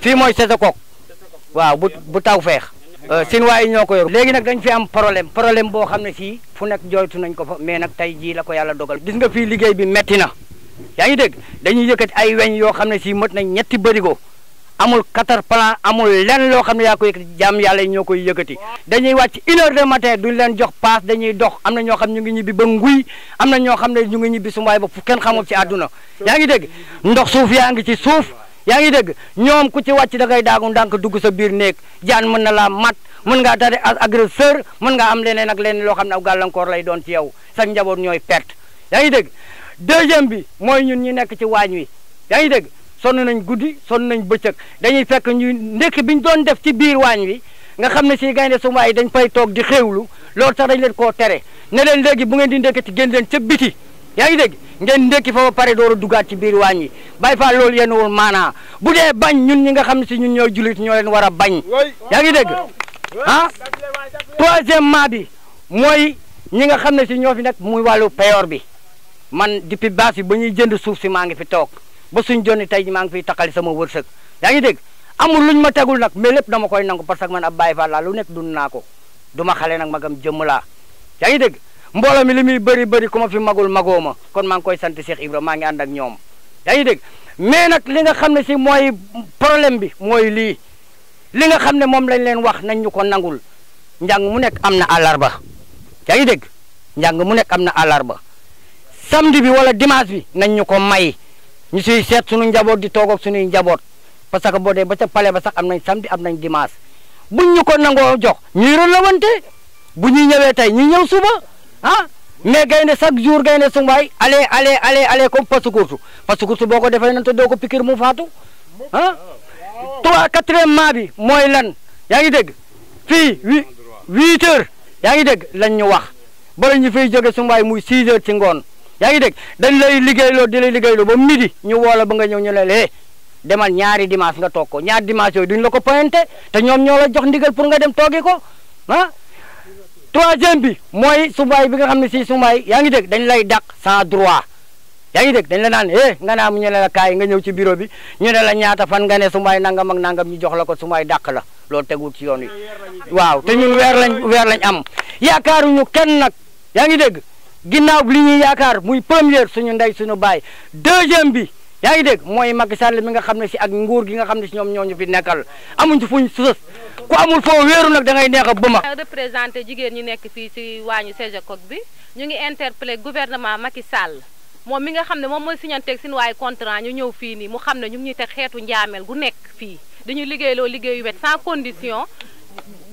fii mooy Sesokok waaw bu bu taw feex euh, Sinwaa yi ñoo ko yor léegi nag dañ fi am problème problème boo xam ne fii fu nekk jooytu nañ ko fa mais nag tey jii la ko yàlla dogal gis nga fii liggéey bi metti na yaa ngi dégg dañuy yëkkati ay weñ yoo xam ne sii mët nañ ñetti bërigo amul quatre plan amul lenn loo xam ne yaa koy jàmm yàlla ñoo koy yëkkati dañuy wàcc une heure de matin duñ leen jox paas dañuy dox am na ñoo xam ñu ngi ñibbi ba nguy am na ñoo xam ne ñu ngi ñibbi sumbaay ba fu kenn xamul ci àdduna yaa yaa ngi dégg ñoom ku ci wàcc da ngay daagu ndànk dugg sa biir néeg jaan mën na laa mat mën ngaa tare agresseur mën ngaa am leneen ak leneen loo xam ne aw gàllankoor lay doon ci yow sa njaboot ñooy perte yaa ngi dégg deuxième bi mooy ñun ñi nekk ci waañ wi yaa ngi dégg sonn nañ guddi sonn nañ bëccëg dañuy fekk ñu ndekki bi ñu doon def ci biir waañ wi nga xam ne si gaynde sumbaay dañ fay toog di xéewlu loolu sax dañ leen koo tere ne leen léegi bu ngeen di ndekki ci génn leen ca biti yaa ngi dégg ngeen ndékki fa ba pare door a ci biir waañ yi Baay Faal loolu yéen woon maanaa bu dee bañ ñun ñi ga xam ne si ñun ñooy jullit ñoo leen war a bañ yaa ngi dégg ah troisièmement bi mooy ñi nga xam ne si ñoo fi nekk muy wàllu peyor bi man depuis baas bi ba ñuy jënd suuf si maa ngi fi toog ba suñ jonni tey maa ngi fiy taxali sama wërsëg yaa ngi dégg amul luñ ma tegul nag mais lépp dama koy nangu parce que man ab Baay Faal laa lu nekk dund naa ko du ma xale nag magam jëmm laa yaa ngi dégg mbooloo mi li mi bëri bëri ku ma fi magul magoo ma kon maa ngi koy sant Cheikh Ibra maa ngi ànd ak ñoom yaa ngi dégg mais nag li nga xam ne si mooy problème bi mooy lii li nga xam ne moom lañ leen wax nañ ñu ko nangul njàng mu nekk am na àllarba yaa ngi dégg njàng mu nekk am na àllarba samedi bi wala dimanche bi nañ ñu ko may ñu siy seet suñu njaboot di toog ak suñuy njaboot parce que boo dee ba ca palais ba sax am nañ samedi am nañ dimaas bu ñu ko nangoo jox ñuy relawante bu ñuy ñëwee tey ñu ñëw suba. ah mais gaynde chaque jour gaynde sum waay allez allez allez allez comme pasukurtu pasukurtu boo ko defee nan te ko pikir mu faatu ah trois quatrième mois bi mooy lan yaa ngi dégg fii huit huit yaa ngi dégg lañ ñu wax bala ñu fiy jóge sum waay muy six heures ci ngoon yaa ngi dégg dañ lay liggéeyloo di lay liggéeyloo ba midi ñu woola ba nga ñëw ñu ne lee eh, demal ñaari dimanche nga toog ko ñaari dimanche yooyu duñ la ko pointé te ñoom ñoo la jox ndigal pour nga dem toogi ko ah troisième bi mooy sumbaay bi nga xam ne si sumbaay yaa ngi dégg dañ lay dàq sans droit yaa ngi dégg dañ la naan eh nga naa am ñu ne la kaay nga ñëw ci biro bi ñu ne la ñaata fan nga ne sumbaay nangam ak nangam ñu jox la ko sumbaay dàq la loolu tegul ci yoon yi waaw te ñun weer lañ weer lañ am yaakaaruñu kenn nag yaa ngi dégg ginnaaw li ñuy yaakaar muy première suñu ndey suñu baay deuxième bi yaa ngi dégg mooy Macky Sall mi nga xam ne si ak nguur gi nga xam ne si ñoom ñoo ñu fi nekkal amuñ fu ñu sës ko amul foo wéeru nag da ngay neex a bëma représenté jigéen ñi nekk fii si waañu CGCOC bi ñu ngi interpellé gouvernement Macky Sall moom mi nga xam ne moom mooy signanteeg sin waaye contrat ñu ñëw fii nii mu xam ne ñu ngi ñuy teg xeetu njaamel gu nekk fii liggéey loo liggéeyu wet sans condition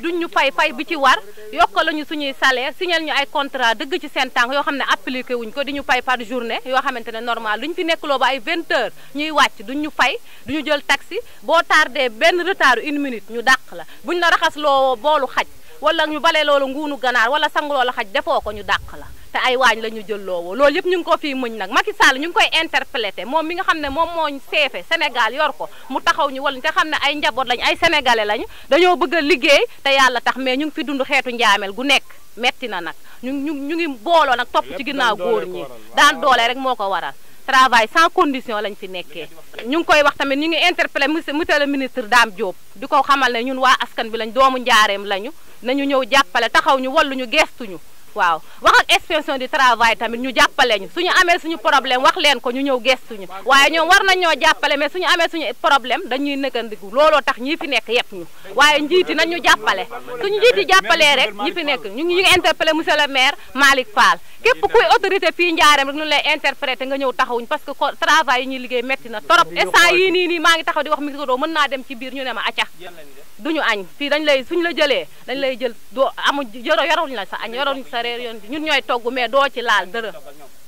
duñ ñu fay fay bi ci war yokkal ñu suñuy salaire signal ñu ay contrat dëgg ci seen tànk yoo xam ne appliqué wuñ ko di ñu fay par journée yoo xamante ne normal duñ fi nekk loo ba ay 20 ñuy wàcc duñ ñu fay duñu jël taxi boo tardee benn retard une minute ñu dàq la bu ñu la raxas loo boolu xaj wala ñu bale loolu nguunu ganaar wala sangu loola xaj defoo ko ñu dàq la te ay waañ la ñu jël loowoo loolu yëpp ñu ngi ko fii muñ nag Macky Sall ñu ngi koy interpellé moom mi xam ne moom mooñ seefe yor ko mu taxaw ñu wala te xam ne ay njaboot lañ ay sénégalais lañ dañoo bëgg a liggéey te yàlla tax mais ñu ngi fi dund xeetu njaamel gu nekk metti na nag ñu ñu ñu ngi booloo nag topp ci ginnaaw góor ñi daan doole rek moo ko waral travail sans condition lañ fi nekkee ñu ngi koy wax tamit ñu ngi interpellé monsieur le ministre Dame Diop di ko xamal ne ñun waa askan bi lañ doomu njaareem lañu nañu ñëw jàppale taxaw ñu walluñu geestuñu waaw wax ak inspection du tamit ñu jàppale ñu suñu amee suñu problème wax leen ko ñu ñëw gestuñu waaye ñoom war nañ ñoo jàppale mais suñu amee suñu problème dañuy nëkkandiku looloo tax ñi fi nekk yëpp ñu waaye njiiti nañ ñu jàppale suñu njiiti jàppalee rek ñi fi nekk ñu ngi interpellé monsieur le maire Malick Fall képp kuy autorité fii njaareem rek ñu lay interprété nga ñëw taxawuñ parce que travail yi ñuy liggéey metti na trop instant yii nii ni maa ngi taxaw di wax micro mën naa dem ci biir ñu ne ma acca duñu añ fii dañ lay suñu la jëlee dañ lay jël doo amu yoruñ la sa añ yoruñ a reer yoon ñun ñooy togg mais doo ci laal dërëm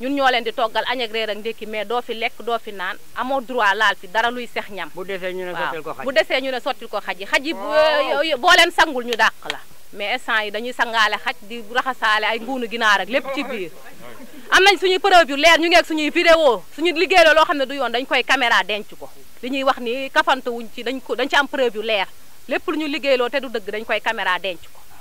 ñun ñoo leen di toggal añ ak reer ak ndékki mais doo fi lekk doo fi naan amoo droit laal fi dara luy sex ñam bu desee ñu ne sottil ko xaj desee ñu ne sottil ko xaj yi xaj yi eh, boo leen sangul ñu dàq la mais instant yi dañuy sangaale xaj di raxasaale ay nguunu ginaar ak lépp ci biir am nañ suñuy preuve yu leer ñu ngeeg suñuy vidéo suñu liggéey loo xam ne du yoon dañ koy caméra denc ko li ñuy wax ni kafantu wuñ ci dañ ko dañ ci am preuve yu leer lépp lu ñu liggéeyloo te du dëgg dañ koy caméra denc